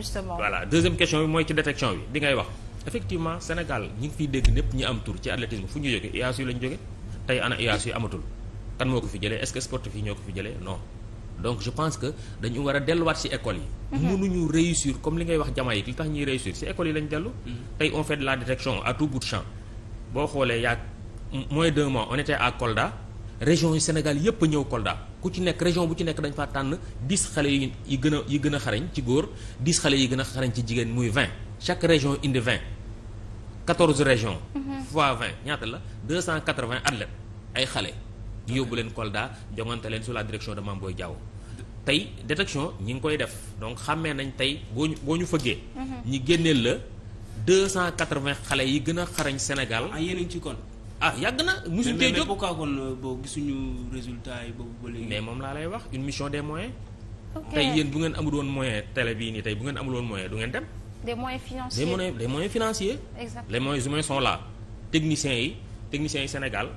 justement voilà deuxième question bi mooy ci détection bi di ngay wax effectivement Sénégal ñu ngi fiy dégg ñëpp ñi am tur ci athlétisme fu ñu jógee IAAS yi la ñu tey ana IAAS yi amatul kan moo ko fi jëlee est-ce que sportif yi ñoo ko fi jëlee non donc je pense que dañu war a delluwaat ci école yi mhm. mënuñu réussir comme li ngay wax Jamaïque li tax ñuy réussir ci école yi lañ dellu mhm. tey on fait de la détection à tout bout boo xoolee yaa moins d'un mois on région yi Sénégal yépp ñëw Kolda ku ci nekk région bu ci nekk dañ faa tànn 10 xale yu yi gën a yi gën a xarañ ci góor 10 xale yi gën a xarañ ci jigéen muy 20 chaque région inde 20 14 régions. Mhm. fois vingt ñaata la deux 280 athlètes ay xale. yóbbu leen colda jongante leen su la direction de Mame Boye Diao tey détection ñi ngi koy def donc xàmmee nañ tey boo ñu boo ñu fëggee. Mhm. ñi génneel la cent 280 xale yi gën a xarañ Sénégal. ah yéen a ci kon. ah yàgg na musuñ tey jóg mais pourquoi kon euh, boo gisuñu résultat yi boobu ba léegi. mais moom laa lay wax une mission des moyens. ok tey yéen bu ngeen amul woon moyen tele bii nii tey bu ngeen amul woon moyen du ngeen dem. des moyens financiers des moyens des moyens financiers. exactement les moyens humains yi techniciens yi Sénégal.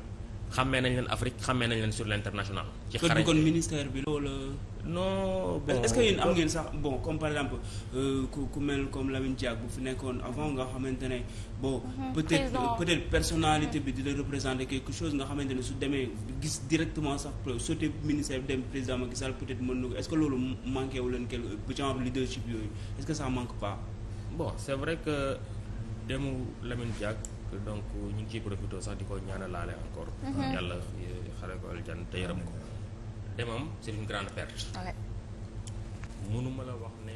xàmmee nañ leen Afrique xàmmee nañ leen sur l'international. ci xarañ kon ministère bi loolu. non bon est-ce que yéen am ngeen sax bon comme par exemple euh, ku ku mel comme Lamine Diack bu fi nekkoon avant nga xamante ne bon. Mhm, peut-être peut-être personnalité bi di la représenter quelque chose nga xamante ne su demee gis directement sax sauté ministère bi dem président Macky Sall peut-être mën na ko est-ce que loolu manqué wu leen quelque genre leadership yooyu est-ce que ça manque pas. bon c'est vrai que demu Lamine Diack. donc ñu ngi ciy profité sax di ko ñaanalaale encore. Mhm. yàlla xare ko aljan te yërëm ko. demam c' est une grande perte. mënuma la wax ne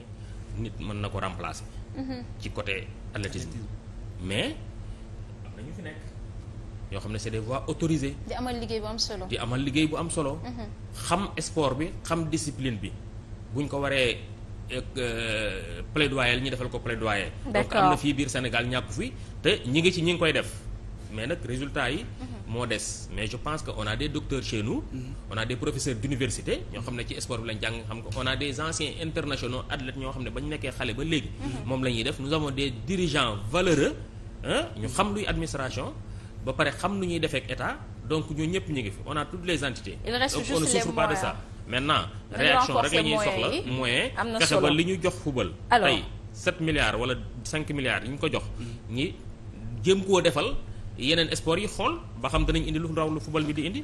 nit mën na ko remplacer. Mhm. ci côté athlétisme. mais am yoo xam ne c' est des voies di amal liggéey bu am solo. di amal liggéey bu am solo. Mhm. xam sport bi xam discipline bi buñ ko waree. Euh, plaidoyer la ñu defal ko plaidoyer. donc am na fii biir Sénégal ñàkk fi te ñi ngi ci ñi ngi koy def mais nag résultat yi. Mhm. moo des mais je pense que on a des docteurs chez nous. Mhm. on a des d'université ñoo xam ne ci sport bi lañ jàng xam ko on a des anciens internationaux athlètes ñoo xam ne ba ñu nekkee xale ba léegi. Mhm. moom la ñuy def nous avons des dirigeants valeureux ñu xam luy administration ba pare xam lu ñuy defee ak état donc ñoo ñëpp ñu ngi fi on a toutes les entités. il reste maintenant réaction rek la ñuy soxla moyen fexe ba li ñu jox fubal tey sept milliards wala cinq milliards yi ñu ko jox ñi jéem koo defal yeneen sport yi xool ba xam danañ indi lu raw lu fubal bi di indi